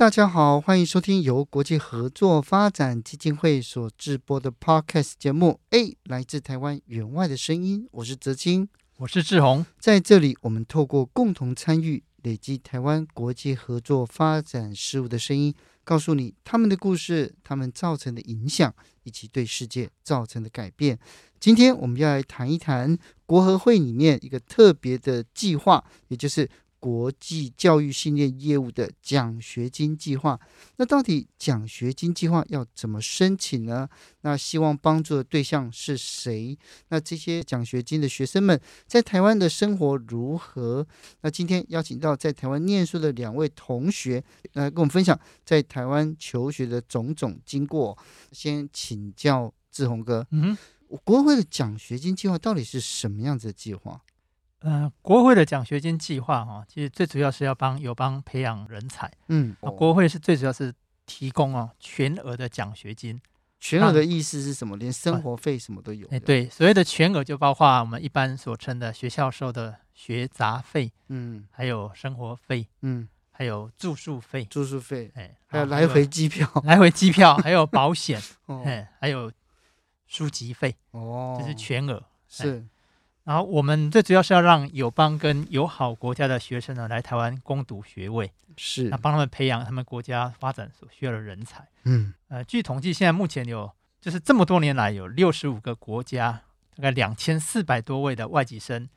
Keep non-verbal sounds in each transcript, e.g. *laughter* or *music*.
大家好，歡迎收聽由國際合作發展基金會所製播的 Podcast 節目《欸，來自台灣援外的聲音》。我是哲青，我是志宏。在這裡，我們透過共同參與，累積台灣國際合作發展事務的聲音，告訴你他們的故事、他們造成的影響，以及對世界造成的改變。今天，我們要來談一談國合會裡面一個特別的計劃，也就是，國際教育訓練業務的獎學金計劃，那到底獎學金計劃要怎麼申請呢？那希望幫助的對象是誰？那這些獎學金的學生們在台灣的生活如何？那今天邀請到在台灣念書的兩位同學來跟我們分享在台灣求學的種種經過。先請教志宏哥，嗯哼，國合會的獎學金計劃到底是什麼樣子的計劃？呃，國合會的獎學金計劃哈，其實最主要是要幫友邦培養人才。嗯，國合會是最主要是提供哦全額的獎學金。全額的意思是什麼？連生活費什麼都有。哎，對，所謂的全額就包括我們一般所稱的學校收的學雜費。嗯，還有生活費。嗯，還有住宿費。住宿費，哎，還有來回機票。來回機票，還有保險。哦，還有書籍費。哦，這是全額是。然後我們最主要是要讓友邦跟友好國家的學生呢來台灣攻讀學位，是那幫他們培養他們國家發展所需要的人才。嗯，呃，據統計，現在目前有就是這麼多年來有六十五個國家，大概兩千四百多位的外籍生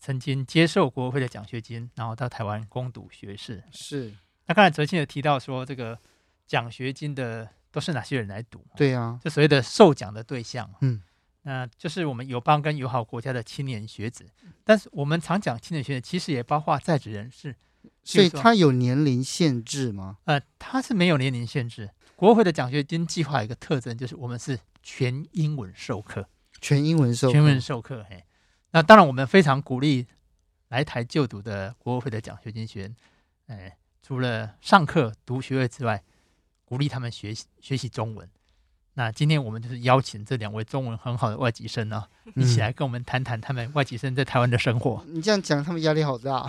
曾經接受國合會的獎學金，然後到台灣攻讀學士。是那剛才哲青也提到說，這個獎學金的都是哪些人來讀？對啊，就所謂的受獎的對象。嗯。那、呃、就是我們友邦跟友好國家的青年學子，但是我們常講青年學子，其實也包括在職人士，所以他有年齡限制嗎？呃，他是沒有年齡限制。國合會的獎學金計劃有一個特徵，就是我們是全英文授課，全英文授全英文授課。嘿、哎，那當然，我們非常鼓勵來台就讀的國合會的獎學金學員、哎，除了上課讀學位之外，鼓勵他們學習學習中文。那今天我們就是邀請這兩位中文很好的外籍生呢、啊，一起來跟我們談談他們外籍生在台灣的生活。嗯、你這樣講，他們壓力好大。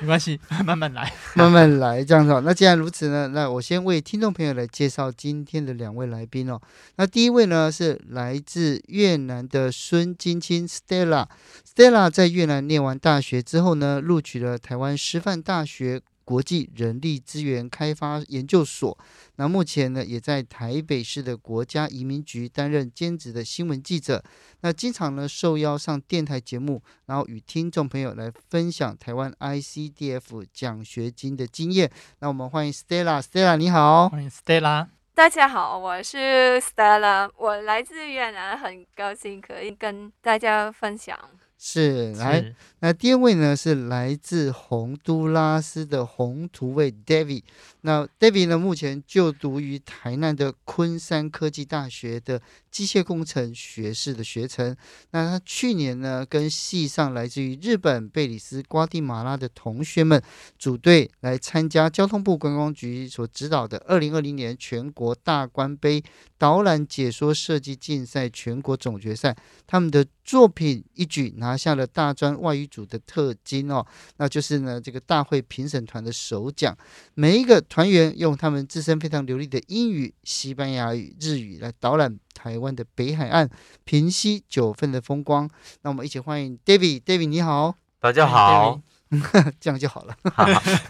沒關係，慢慢來，慢慢來，這樣子。那既然如此呢，那我先為聽眾朋友來介紹今天的兩位來賓哦。那第一位呢是來自越南的孫金清 （Stella）。Stella 在越南念完大學之後呢，錄取了台灣師範大學。國際人力資源開發研究所，那目前呢也在台北市的國家移民局擔任兼職的新聞記者，那經常呢受邀上電台節目，然後與聽眾朋友來分享台灣 ICDF 獎學金的經驗。那我們歡迎 Stella，Stella 你好，歡迎 Stella，大家好，我是 Stella，我來自越南，很高興可以跟大家分享。是來，是那第二位呢，是來自洪都拉斯的洪途慰 David。那 David 呢？目前就讀於台南的昆山科技大學的機械工程學士的學程。那他去年呢，跟系上來自於日本、貝里斯、瓜地馬拉的同學們組隊來參加交通部觀光局所指導的2020年全國大觀盃導覽解說設計競賽全國總決賽。他們的作品一舉拿下了大專外語組的特金哦，那就是呢這個大會評審團的首獎。每一個團員用他們自身非常流利的英語、西班牙語、日語來導覽臺灣的北海岸、平溪九份的風光。那我們一起歡迎 David，David David，你好，大家好 Hi,、嗯呵呵，這樣就好了。好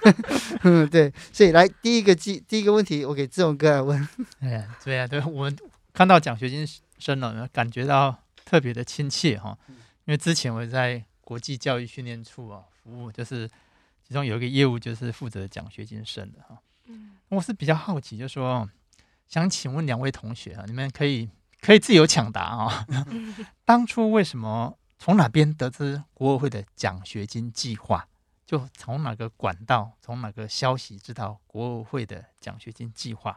*laughs* 嗯，對，所以來第一個第第一個問題，我給志宏哥來問。哎、yeah, 啊，對呀，對我們看到獎學金生了，感覺到特別的親切哈，因為之前我在國際教育訓練處啊服務，就是其中有一個業務就是負責獎學金生的哈。我是比較好奇就是說，就說想請問兩位同學啊，你們可以可以自由搶答啊、哦。 *laughs* 當初為什麼從哪邊得知國合會的獎學金計劃？就從哪個管道，從哪個消息知道國合會的獎學金計劃？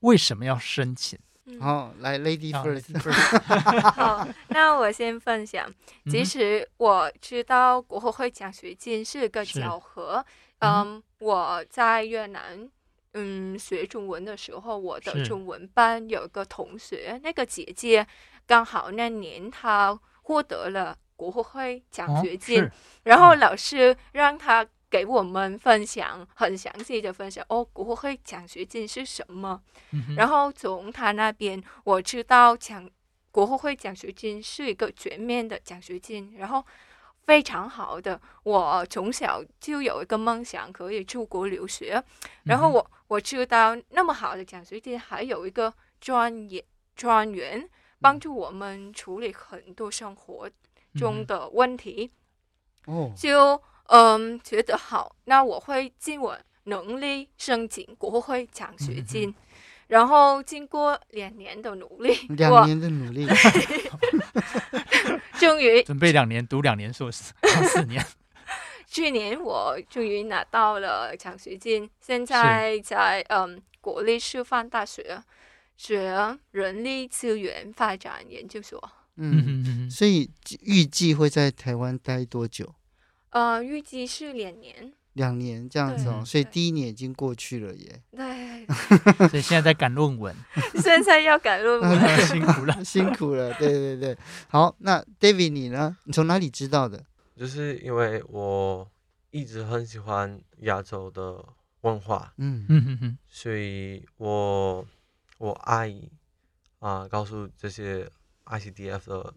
為什麼要申請？哦、嗯，來，Lady First。 *laughs* *laughs* 好，那我先分享。其實我知道國合會獎學金是個巧合。嗯、呃，我在越南，嗯，學中文的時候，我的中文班有一個同學，是那個姐姐剛好那年她獲得了國合會獎學金，哦、然後老師讓她給我們分享，很詳細的分享，嗯、哦，國合會獎學金是什麼？嗯、哼然後從她那邊我知道，強國合會獎學金是一個全面的獎學金，然後非常好的。我從小就有一個夢想，可以出國留學，然後我，嗯我知道那麼好的獎學金，還有一個專業專員幫助我們處理很多生活中的問題。嗯、哦，就嗯、呃、覺得好，那我會盡我能力申請國合會獎學金。嗯、哼然後經過兩年的努力，兩年的努力，終於準備兩年讀兩年碩士、啊，四年。 *laughs* 去年我終於拿到了獎學金，現在在嗯國立師範大學，學人力資源發展研究所。嗯，所以預計會在台灣待多久？呃，預計是兩年。兩年這樣子哦，所以第一年已經過去了耶。對。 *laughs* 所以現在在趕論文， *laughs* 現在要趕論文，辛苦了，辛苦了。對對對，好，那 David 你呢？你從哪裡知道的？就是因為我一直很喜歡亞洲的文化，嗯哼哼，所以我我阿姨啊、呃，告訴這些 ICDF 的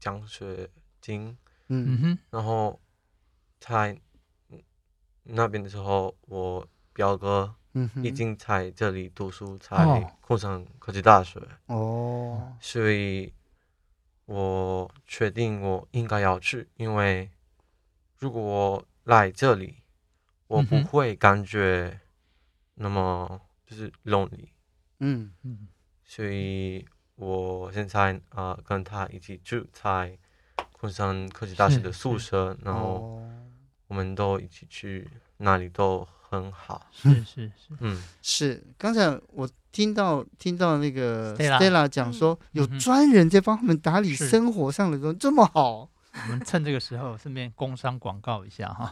獎學金、嗯，嗯哼，然後在那邊的時候，我表哥已經在這裡讀書，在崑山科技大學哦，所以。我確定我應該要去，因為如果我來這裡，我不會感覺那麼就是 lonely、嗯。嗯嗯，所以我現在啊、呃、跟他一起住在昆山科技大學的宿舍，然後我們都一起去那裡都。很好，是是是，嗯是。剛才我聽到聽到那個 Stella 講說，有專人在幫他們打理生活上的事，嗯、是這麼好。我們趁這個時候 *laughs* 順便工商廣告一下哈。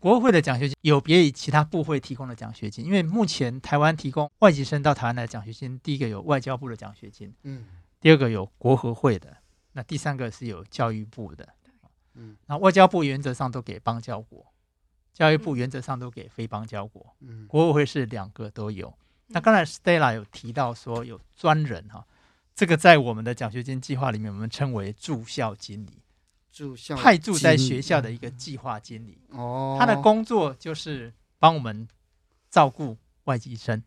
國合會的獎學金有別於其他部會提供的獎學金，因為目前台灣提供外籍生到台灣來的獎學金，第一個有外交部的獎學金，嗯，第二個有國合會的，那第三個是有教育部的，嗯，那外交部原則上都給邦交國。教育部原則上都給非邦交國，嗯，國合會是兩個都有。那剛才 Stella 有提到說有專人哈，嗯、這個在我們的獎學金計劃裡面，我們稱為住校經理，住校經理派駐在學校的一個計劃經理。哦、嗯，他的工作就是幫我們照顧外籍生，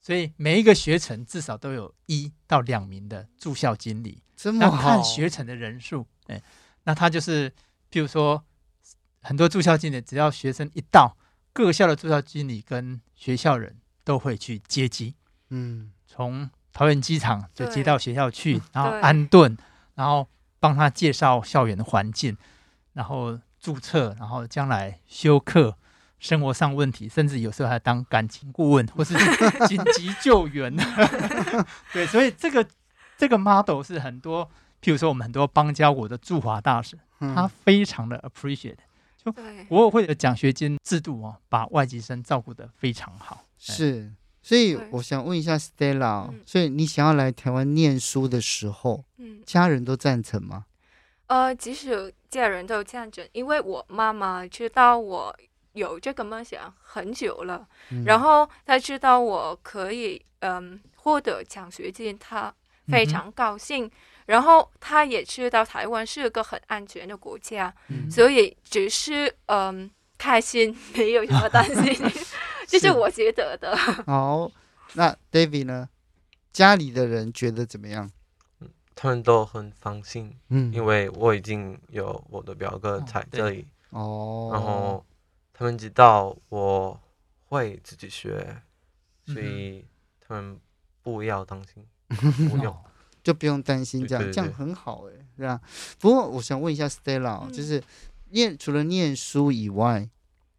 所以每一個學程至少都有一到兩名的住校經理。這麼好，那看學程的人數，哎，那他就是，譬如說。很多駐校經理，只要學生一到，各校的駐校經理跟學校人都會去接機。嗯，從桃園機場就接到學校去，對然後安頓，對然後幫他介紹校園的環境，然後注冊，然後將來修課，生活上問題，甚至有時候還當感情顧問或是緊急救援。 *laughs* *laughs* 對，所以這個這個 model 是很多，譬如說我們很多邦交國的駐華大使，嗯、他非常的 appreciate。對國合會的獎學金制度，啊、把外籍生照顧得非常好。是，所以我想問一下 Stella，對所以你想要來台灣念書的時候，嗯，家人都贊成嗎？呃，其實家人都贊成，因為我媽媽知道我有這個夢想很久了，嗯、然後她知道我可以嗯、呃、獲得獎學金，她非常高興。嗯然後他也知道台灣是一個很安全的國家，嗯、所以只是嗯、呃、開心，沒有什麼擔心，這 *laughs* *laughs* 是我覺得的。哦，那 David 呢？家裡的人覺得怎麼樣？嗯，他們都很放心，嗯，因為我已經有我的表哥在這裡哦，然後他們知道我會自己學，嗯、所以他們不要擔心，不用、嗯。就不用擔心這樣，對對對這樣很好哎、欸，是吧？不過我想問一下，Stella，、哦嗯、就是念除了念書以外，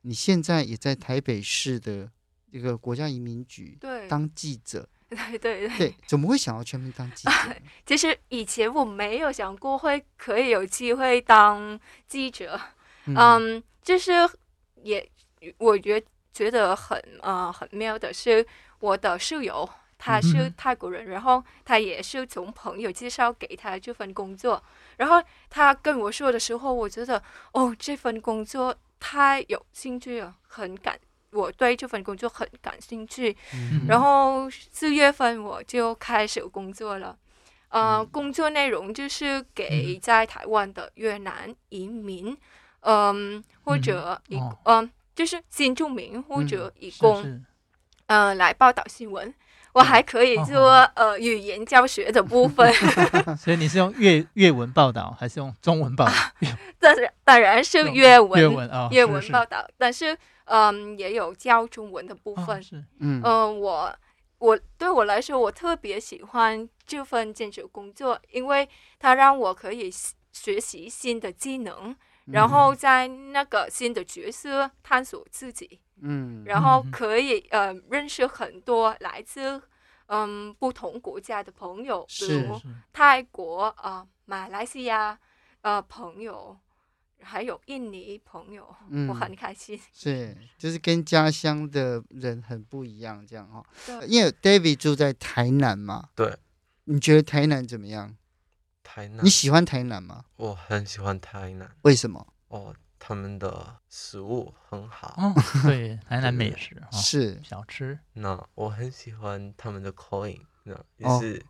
你現在也在台北市的一個國家移民局當記者，對對，對對對，對，怎麼會想到全民當記者、啊？其實以前我沒有想過會可以有機會當記者，嗯，嗯，就是也我覺得覺得很啊、呃、很妙的是我的室友。他是泰國人，嗯、哼然後他也是從朋友介紹給他這份工作，然後他跟我說的時候，我覺得哦，這份工作太有興趣了，很感我對這份工作很感興趣。嗯、哼然後四月份我就開始工作了，呃，嗯、工作內容就是給在台灣的越南移民，嗯、呃，或者以嗯、哦呃，就是新住民或者移工，嗯是是、呃，來報道新聞。我還可以做，哦、呃，語言教學的部分。 *laughs* 所以你是用越越文報道，還是用中文報道？當然、啊、當然是越文，越文，哦、越文報道。是是但是，嗯、呃，也有教中文的部分。哦、嗯，呃、我我對我來說，我特別喜歡這份兼職工作，因為它讓我可以學習新的技能。然後在那個新的角色探索自己，嗯，然後可以、嗯、呃認識很多來自嗯不同國家的朋友，比如泰國啊是、呃、馬來西亞呃朋友，還有印尼朋友，嗯、我很開心。是，就是跟家鄉的人很不一樣，這樣哦。對因為 David 住在台南嘛。對。你覺得台南怎麼樣？你喜歡台南嗎？我很喜歡台南。為什麼？哦，他們的食物很好。對，台南美食是小吃。那我很喜歡他們的口音，那也是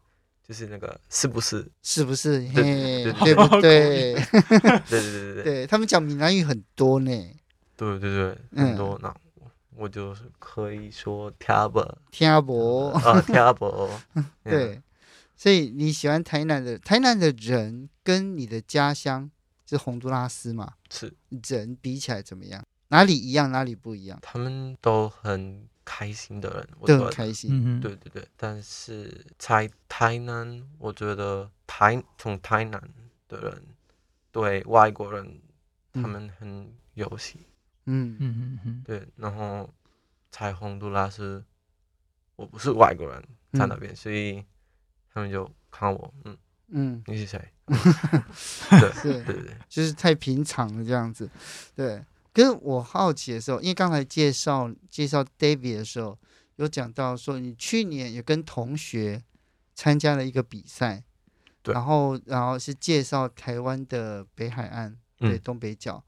就是那個是不是，是不是？嘿，對不對？對對對對對對，他們講閩南語很多呢。對對對，很多。那我就是可以說聽不懂，聽不懂啊，聽不懂。對。所以你喜歡台南的台南的人跟你的家鄉是洪都拉斯嘛，是人比起來怎麼樣？哪裡一樣，哪裡不一樣？他們都很開心的人，我覺得很開心。對對對，但是在台南，我覺得台從台南的人對外國人他們很遊戲。嗯嗯嗯嗯，對。然後在洪都拉斯，我不是外國人，在那邊，嗯、所以。他們就看我，嗯嗯，你是誰？嗯、 *laughs* 對 *laughs* 對，就是太平常的這樣子。對，可是我好奇的時候，因為剛才介紹介紹 David 的時候，有講到說你去年也跟同學參加了一個比賽，對，然後然後是介紹台灣的北海岸，對，嗯、東北角。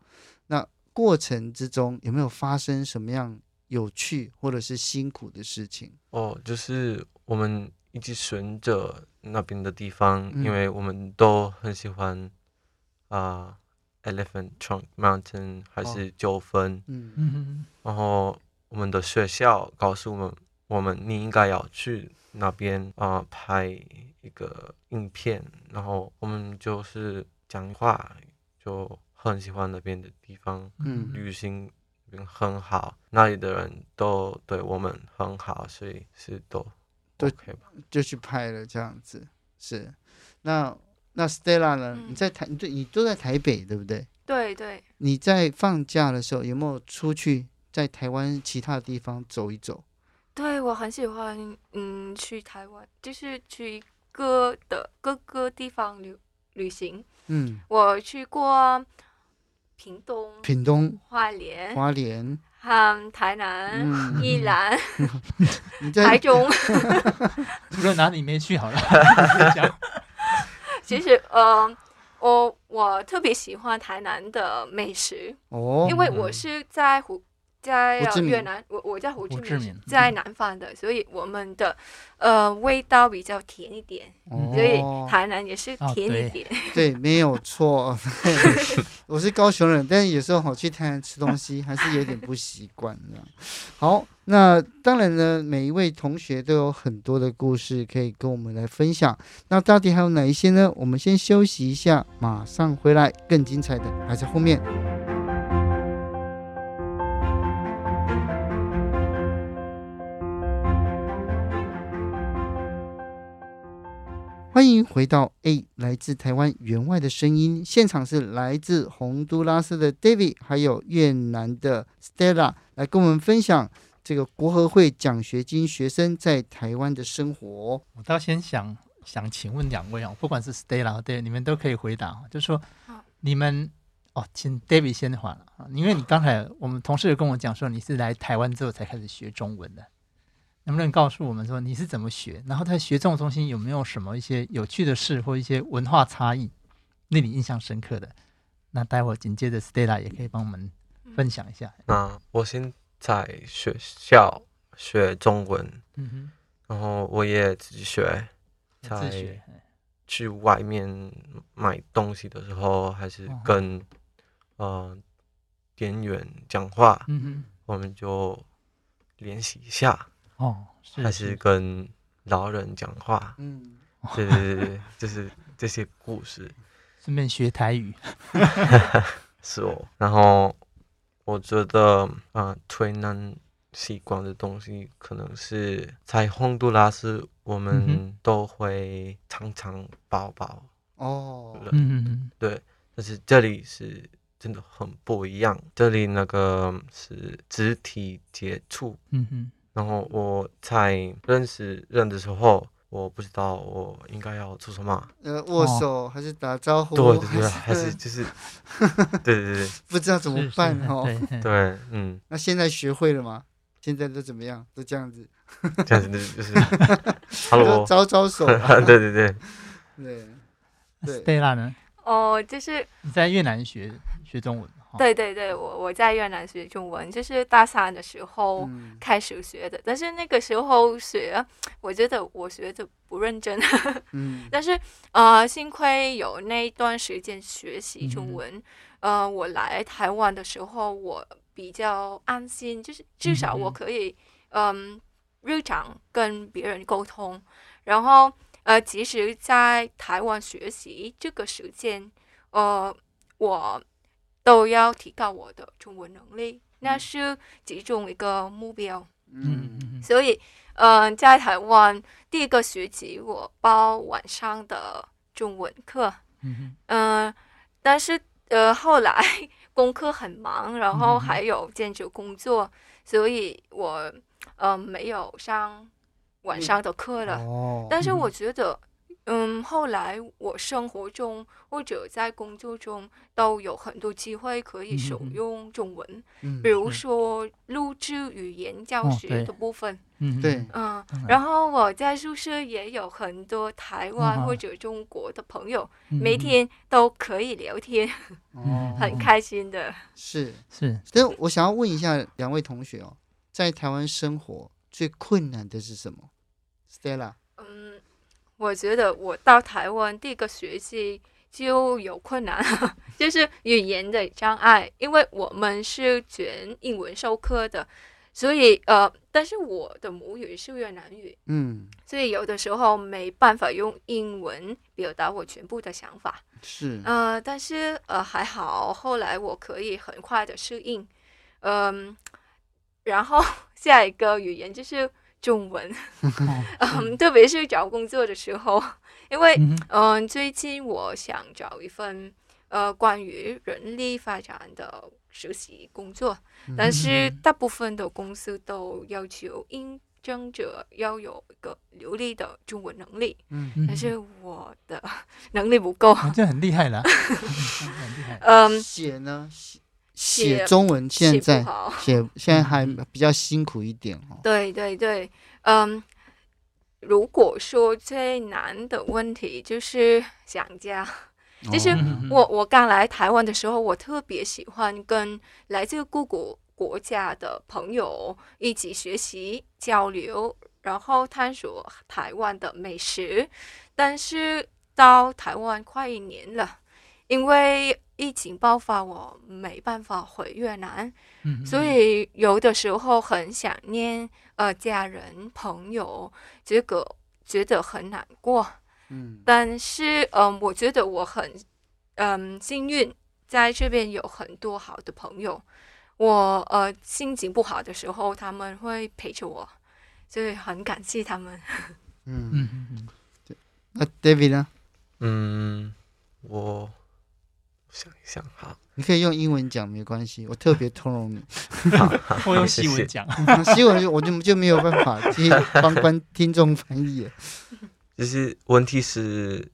那過程之中有沒有發生什麼樣有趣或者是辛苦的事情？哦，就是我們。一直尋着那邊的地方，因為我們都很喜歡啊、嗯呃、，Elephant Trunk Mountain 還是九份，哦嗯、然後我們的學校告訴我們，我們你應該要去那邊啊、呃、拍一個影片，然後我們就是講話就很喜歡那邊的地方，旅行很好，嗯、那裡的人都對我們很好，所以是都。就就去拍了這樣子是。那那 Stella 呢？嗯、你在台，你都你都在台北對不對？對對。對，你在放假的時候有沒有出去在台灣其他地方走一走？對，我很喜歡，嗯，去台灣就是去各的各個地方旅旅行。嗯，我去過屏東、屏東花蓮、花蓮。嗯，台南、嗯、宜蘭蘭、 *laughs* 台中，除了哪裡沒去好了。其實，嗯、呃，我我特別喜歡台南的美食，哦、因為我是在湖。嗯在越南，我我叫胡志明，志明在南方的，所以我們的，呃，味道比較甜一點，嗯，所以台南也是甜一點，對，沒有錯。 *laughs* 我是高雄人，但有時候好去台南吃東西， *laughs* 還是有點不習慣。的 *laughs* 好，那當然呢，每一位同學都有很多的故事可以跟我們來分享。那到底還有哪一些呢？我們先休息一下，馬上回來，更精彩的還在後面。歡迎回到 A 來自台灣援外的聲音。現場是來自洪都拉斯的 David，還有越南的 Stella，來跟我們分享這個國合會獎學金學生在台灣的生活。我倒先想想，請問兩位啊、哦，不管是 Stella 和 David，你們都可以回答就是說好你們哦，請 David 先話啊，因為你剛才我們同事跟我講說，你是來台灣之後才開始學中文的。能不能告訴我們說你是怎麼學？然後在學中文中心有沒有什麼一些有趣的事或一些文化差異，令你印象深刻的？那待會兒緊接着 Stella 也可以幫我們分享一下。嗯，我先在學校學中文，嗯哼，然後我也自己學，自學。去外面買東西的時候，還是跟嗯店哼員、呃、講話，嗯哼，我們就練習一下。哦，是是是，還是跟老人講話，嗯，就是 *laughs* 就是這些故事，順便學台語， *laughs* *laughs* 是哦。然後我覺得啊，最、呃、難習慣的東西，可能是在洪都拉斯我們都會常常抱抱哦，的嗯嗯哼，對，但是這裡是真的很不一樣，這裡那個是肢體接觸，嗯哼。然後我在認識人的時候，我不知道我應該要做什麼，呃，握手還是打招呼？對對對，還是就是，對對對，不知道怎麼辦哦。對，嗯。那現在學會了嗎？現在都怎麼樣？都這樣子，這樣子就是，Hello，招招手。對對對，對。對。Stella 呢？哦，就是你在越南學學中文。對對對，我我在越南學中文，就是大三的時候開始學的，嗯、但是那個時候學，我覺得我學的不認真。 *laughs* 嗯、但是呃，幸虧有那一段時間學習中文，嗯、呃，我來台灣的時候我比較安心，就是至少我可以嗯，嗯，嗯日常跟別人溝通，然後呃，其實，在台灣學習這個時間，呃，我。都要提高我的中文能力，那是其中一個目標。嗯，嗯所以，嗯、呃，在台灣第一個學期我報晚上的中文課。嗯、呃、但是呃，後來功課很忙，然後還有兼職工作，嗯、所以我嗯、呃，沒有上晚上的課了。哦、但是我覺得。嗯，後來我生活中或者在工作中都有很多機會可以使用中文，嗯嗯、比如說錄製語言教學的部分。嗯、哦，對。嗯，然後我在宿舍也有很多台灣或者中國的朋友，哦嗯、每天都可以聊天，哦、 *laughs* 很開心的。是、哦嗯、是，是但我想要問一下兩位同學哦，在台灣生活最困難的是什麼？Stella。我覺得我到台灣第一個學期就有困難，呵呵就是語言的障礙，因為我們是全英文授課的，所以呃，但是我的母語是越南語，嗯，所以有的時候沒辦法用英文表達我全部的想法，是，呃，是，呃，但是呃還好，後來我可以很快的適應，嗯，呃，然後下一個語言就是。中文， *laughs* 嗯，特別是找工作的時候，因為，嗯、呃，最近我想找一份，呃，關於人力發展的實習工作，但是大部分的公司都要求應徵者要有一個流利的中文能力，但是我的能力不夠，這很厲害了，嗯，寫呢。寫中文現在寫,寫現在還比較辛苦一點哦。嗯，對對對，嗯，如果說最難的問題就是想家。其實、哦、我我剛來台灣的時候，我特別喜歡跟來自各個國家的朋友一起學習交流，然後探索台灣的美食。但是到台灣快一年了，因為。疫情爆發我，我沒辦法回越南，嗯、哼所以有的時候很想念呃家人朋友，這個覺得很難過。嗯、但是嗯、呃，我覺得我很嗯、呃、幸運，在這邊有很多好的朋友。我呃心情不好的時候，他們會陪着我，所以很感謝他們。嗯嗯嗯，那 David 呢？嗯，我。想一想，好，你可以用英文講，沒關係，我特別通融你。 *laughs* *laughs* *laughs* 我用西文講，西文 *laughs* 謝謝 *laughs* 我就就沒有辦法幫觀聽眾翻譯。就是問題是，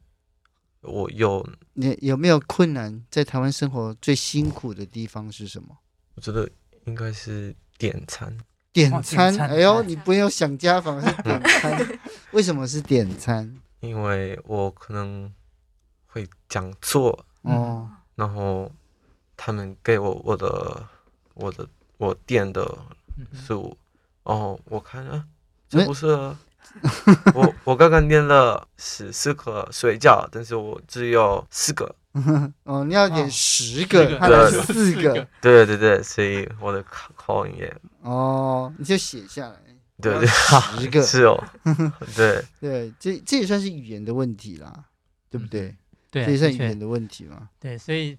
我有你有沒有困難？在台灣生活最辛苦的地方是什麼？我覺得應該是點餐。點餐，點餐，哎呦，嗯、你不要想家，反而是點餐， *laughs* 為什麼是點餐？因為我可能會講錯哦。嗯嗯然後，他們給我我的我的我點的是五，哦，然後我看啊，這不是，我我剛剛念了十四個水餃，但是我只有四個。哦，你要點十個，還是四個、十個，四個對。對對對，所以我的考考也。哦，你就寫下來。對，對對，十個是哦。對對，這這也算是語言的問題啦，對不對？非對的問題嘛？對，所以，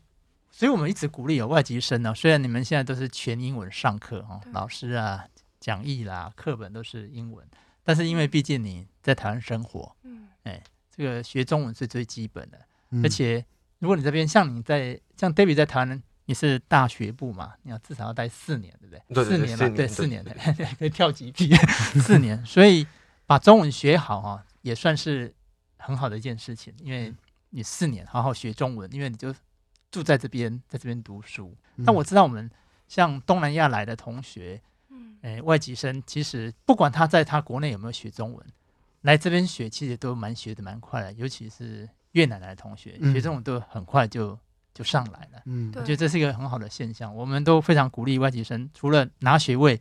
所以我們一直鼓勵有、哦、外籍生呢、哦。雖然你們現在都是全英文上課哦，對老師啊、講義啦、課本都是英文，但是因為畢竟你在台灣生活，嗯、哎，這個學中文是最基本的。嗯、而且，如果你這邊像你在像 David 在台灣，你是大學部嘛，你要至少要待四年，對不對？對對對四年嘛，年了對，對，對，四年可以 *laughs* 跳級。四年，所以把中文學好、哦、也算是很好的一件事情，因為、嗯。你四年好好學中文，因為你就住在這邊，在這邊讀書。那、嗯、我知道我們像東南亞來的同學，嗯、欸，外籍生其實不管他在他國內有沒有學中文，來這邊學其實都蠻學的蠻快的，尤其是越南來的同學，學中文都很快就就上來了。嗯，我覺得這是一個很好的現象。我們都非常鼓勵外籍生，除了拿學位，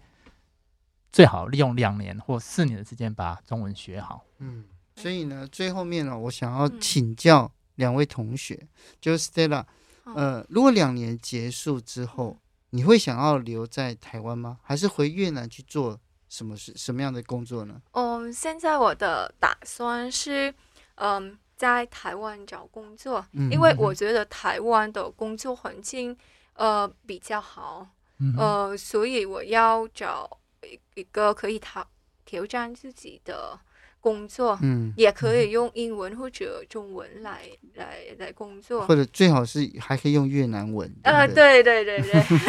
最好利用兩年或四年的時間把中文學好。嗯。所以呢，最後面呢，我想要請教兩位同學，嗯、就是 Stella，呃，如果兩年結束之後，嗯、你會想要留在台灣嗎？還是回越南去做什麼什什麼樣的工作呢？嗯、呃，現在我的打算是，嗯、呃，在台灣找工作，嗯、因為我覺得台灣的工作環境，呃，比較好，嗯、呃，所以我要找一一個可以挑挑戰自己的。工作，嗯，也可以用英文或者中文來、嗯、來來工作，或者最好是還可以用越南文。對不對？呃，對對對對，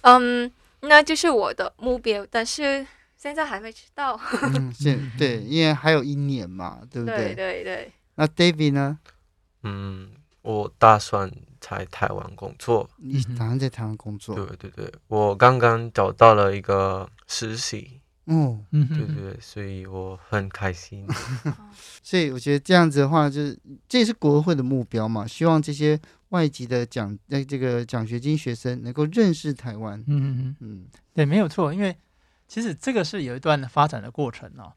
嗯， *laughs* um, 那就是我的目標，但是現在還沒知道，現 *laughs* 對，因為還有一年嘛，對不對？對對對。那 David 呢？嗯，我打算在台灣工作。你打算在台灣工作，嗯？對對對，我剛剛找到了一個實習。哦，對對對，嗯、哼所以我很開心。 *laughs* 所以我覺得這樣子的話，就是這也是國合會的目標嘛，希望這些外籍的獎呃這個獎學金學生能夠認識台灣。嗯嗯哼嗯，對，沒有錯，因為其實這個是有一段發展的過程哦。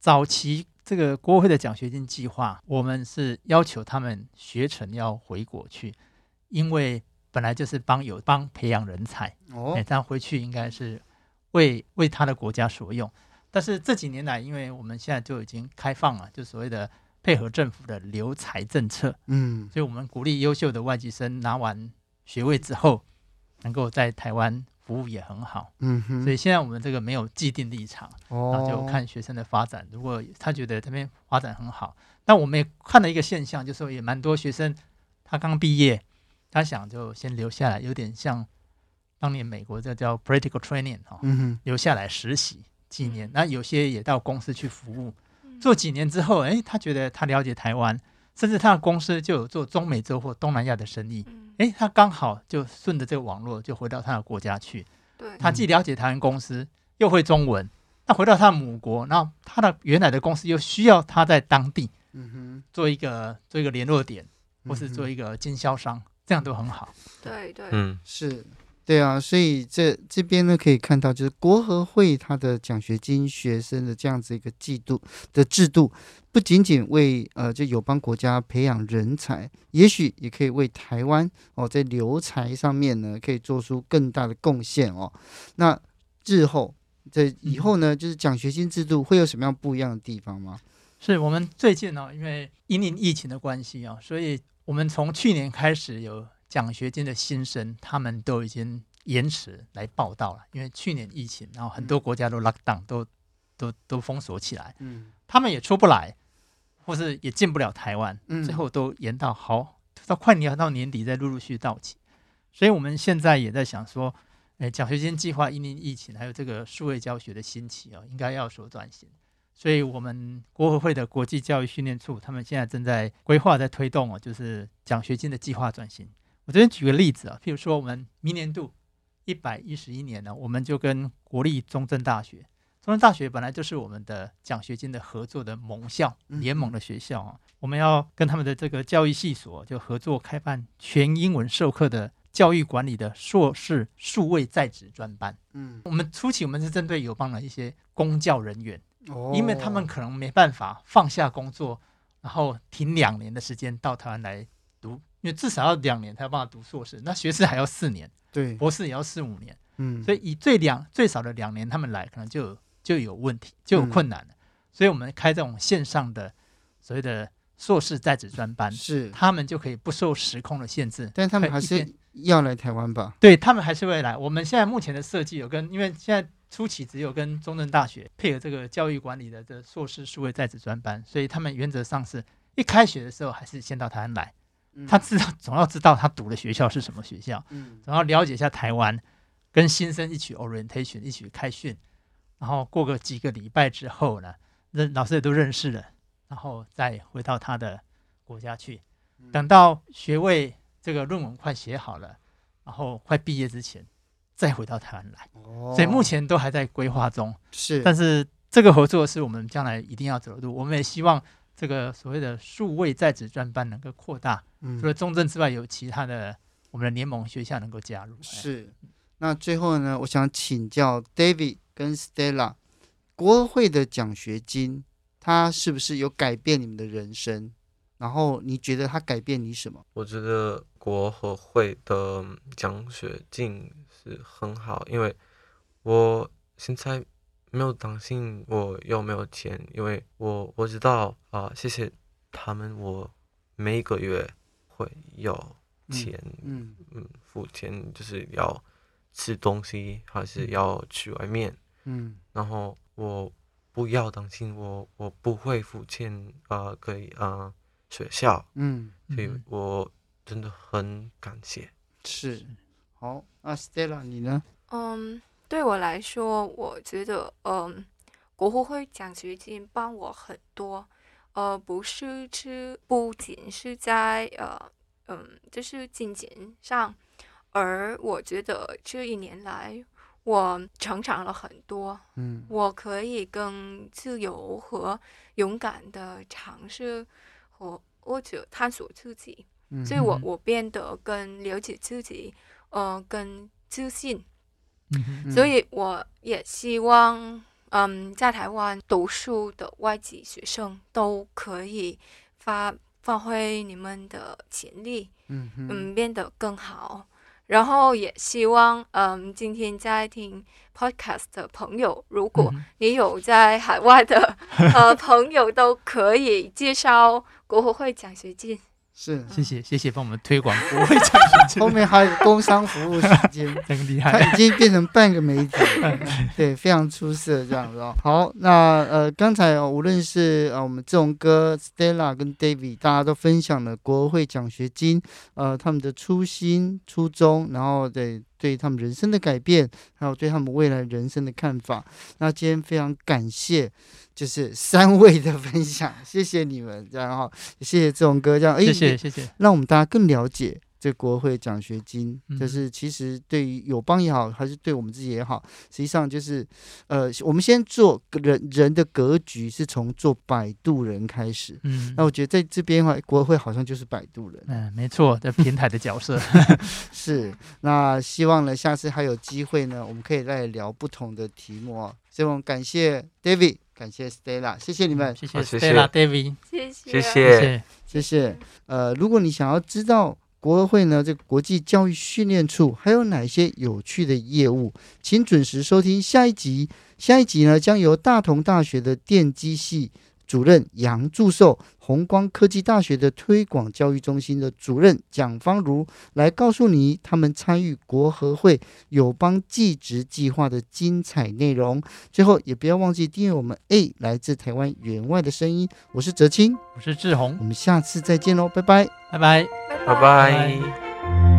早期這個國合會的獎學金計劃，我們是要求他們學成要回國去，因為本來就是幫友邦培養人才哦，那這樣回去應該是。為為他的國家所用，但是這幾年來，因為我們現在就已經開放了，就所謂的配合政府的留才政策，嗯，所以我們鼓勵優秀的外籍生拿完學位之後，能夠在台灣服務也很好，嗯哼，所以現在我們這個沒有既定立場，然後、哦、就看學生的發展。如果他覺得這邊發展很好，但我們也看到一個現象，就是說也蠻多學生他剛畢業，他想就先留下來，有點像。當年美國叫叫 Practical Training 哈，留下來實習幾年，那有些也到公司去服務，做幾年之後，哎、欸，他覺得他了解台灣，甚至他的公司就有做中美洲或東南亞的生意，哎、欸，他剛好就順着這個網絡就回到他的國家去。他既了解台灣公司，又會中文，那回到他的母國，那他的原來的公司又需要他在當地做，做一個做一個聯絡點，或是做一個經銷商，這樣都很好。對對、嗯，是。對啊，所以這這邊呢，可以看到，就是國合會他的獎學金學生的這樣子一個季度的制度，不僅僅為呃這友邦國家培養人才，也許也可以為台灣哦在留才上面呢可以做出更大的貢獻哦。那日後在以後呢，就是獎學金制度會有什麼樣不一樣的地方嗎？是我們最近啊、哦，因為因應疫情的關係啊、哦，所以我們從去年開始有。獎學金的新生，他們都已經延遲來報到了，因為去年疫情，然後很多國家都 lock down，都都都封鎖起來，嗯，他們也出不來，或是也進不了台灣，嗯，最後都延到好就到快年到年底再陸陸續續到齊。所以，我們現在也在想說，誒、呃，獎學金計劃因應疫情，還有這個數位教學的興起哦，應該要說轉型。所以我們國合會的國際教育訓練處，他們現在正在規劃，在推動哦，就是獎學金的計劃轉型。我這邊舉個例子啊，譬如說我們明年度一百一十一年呢，我們就跟國立中正大學，中正大學本來就是我們的獎學金的合作的盟校聯盟的學校啊，嗯、我們要跟他們的這個教育系所就合作開辦全英文授課的教育管理的碩士數位在職專班。嗯，我們初期我們是針對友邦的一些公教人員，哦，因為他們可能沒辦法放下工作，哦、然後停兩年的時間到台灣來。因為至少要兩年才有辦法讀碩士，那學士還要四年，對，博士也要四五年，嗯，所以以最兩最少的兩年，他們來可能就就有問題，就有困難了，嗯，所以我們開這種線上的所謂的碩士在職專班，是他們就可以不受時空的限制，但他們還是要來台灣吧？對，他們還是會來。我們現在目前的設計有跟，因為現在初期只有跟中正大學配合這個教育管理的這碩士數位在職專班，所以他們原則上是一開學的時候還是先到台灣來。他知道總要知道他讀的學校是什麼學校，嗯，總要了解一下台灣，跟新生一起 orientation，一起開訓，然後過個幾個禮拜之後呢，認老師也都認識了，然後再回到他的國家去，等到學位這個論文快寫好了，然後快畢業之前，再回到台灣來，哦，所以目前都還在規劃中，嗯，是，但是這個合作是我們將來一定要走的路，我們也希望。這個所謂的數位在職專班能夠擴大，除了中正之外，有其他的我們的聯盟學校能夠加入。嗯、是，那最後呢，我想請教 David 跟 Stella，國合會的獎學金，它是不是有改變你們的人生？然後你覺得它改變你什麼？我覺得國合會的獎學金是很好，因為我現在。沒有擔心我有沒有錢，因為我我知道啊、呃，謝謝他們，我每一個月會有錢，嗯嗯，嗯，付錢就是要吃東西，還是要去外面，嗯，然後我不要擔心我，我不會付錢啊、呃、給啊、呃、學校，嗯，嗯，所以我真的很感謝。是，好，那 Stella 你呢？嗯、um。對我來說，我覺得，嗯、呃，國合會獎學金幫我很多，呃，不是只不僅是在呃，嗯，就是金錢上，而我覺得這一年來我成長了很多，嗯，我可以更自由和勇敢的嘗試我或者探索自己，嗯、哼哼，所以我我變得更了解自己，呃，更自信。 *noise* 所以我也希望，嗯，在台灣讀書的外籍學生都可以發發揮你們的潛力，嗯 *noise* 嗯，變得更好。然後也希望，嗯，今天在聽 podcast 的朋友，如果你有在海外的 *laughs* 呃朋友，都可以介紹國合會獎學金。是，謝謝謝謝幫我們推廣國合 *laughs* 會獎學金， *laughs* 後面還有工商服務時間，真 *laughs* 厲害，他已經變成半個媒體， *laughs* *laughs* 對，非常出色這樣子哦。好，那呃，剛才、哦、無論是啊、呃、我們志宏哥 Stella 跟 David，大家都分享了國合會獎學金，呃，他們的初心初衷，然後對。對他們人生的改變，還有對他們未來人生的看法。那今天非常感謝，就是三位的分享，謝謝你們，然後謝謝這樣哈、哎，謝謝志宏哥這樣，謝謝謝謝，讓我們大家更了解。對國合會獎學金，就是其實對於友邦也好，還是對我們自己也好，實際上就是，呃，我們先做人人的格局是從做擺渡人開始。嗯，那我覺得在這邊的話，國合會好像就是擺渡人。嗯，沒錯，這平台的角色 *laughs* *laughs* 是。那希望呢，下次還有機會呢，我們可以再聊不同的題目。哦。好，所以我們感謝 David，感謝 Stella，謝謝你們，嗯、謝謝 Stella，David，謝謝、哦，謝謝，謝謝。呃，如果你想要知道。國合會呢，這個國際教育訓練處還有哪些有趣的業務？請準時收聽下一集。下一集呢，將由大同大學的電機系。主任楊祝壽，弘光科技大學的推廣教育中心的主任蔣芳如來告訴你他們參與國合會友邦技職計劃的精彩內容。最後，也不要忘記訂閱我們 A 來自台灣援外的聲音。我是哲青，我是志宏，我們下次再見嘍，拜拜，拜拜，拜拜 bye。Bye bye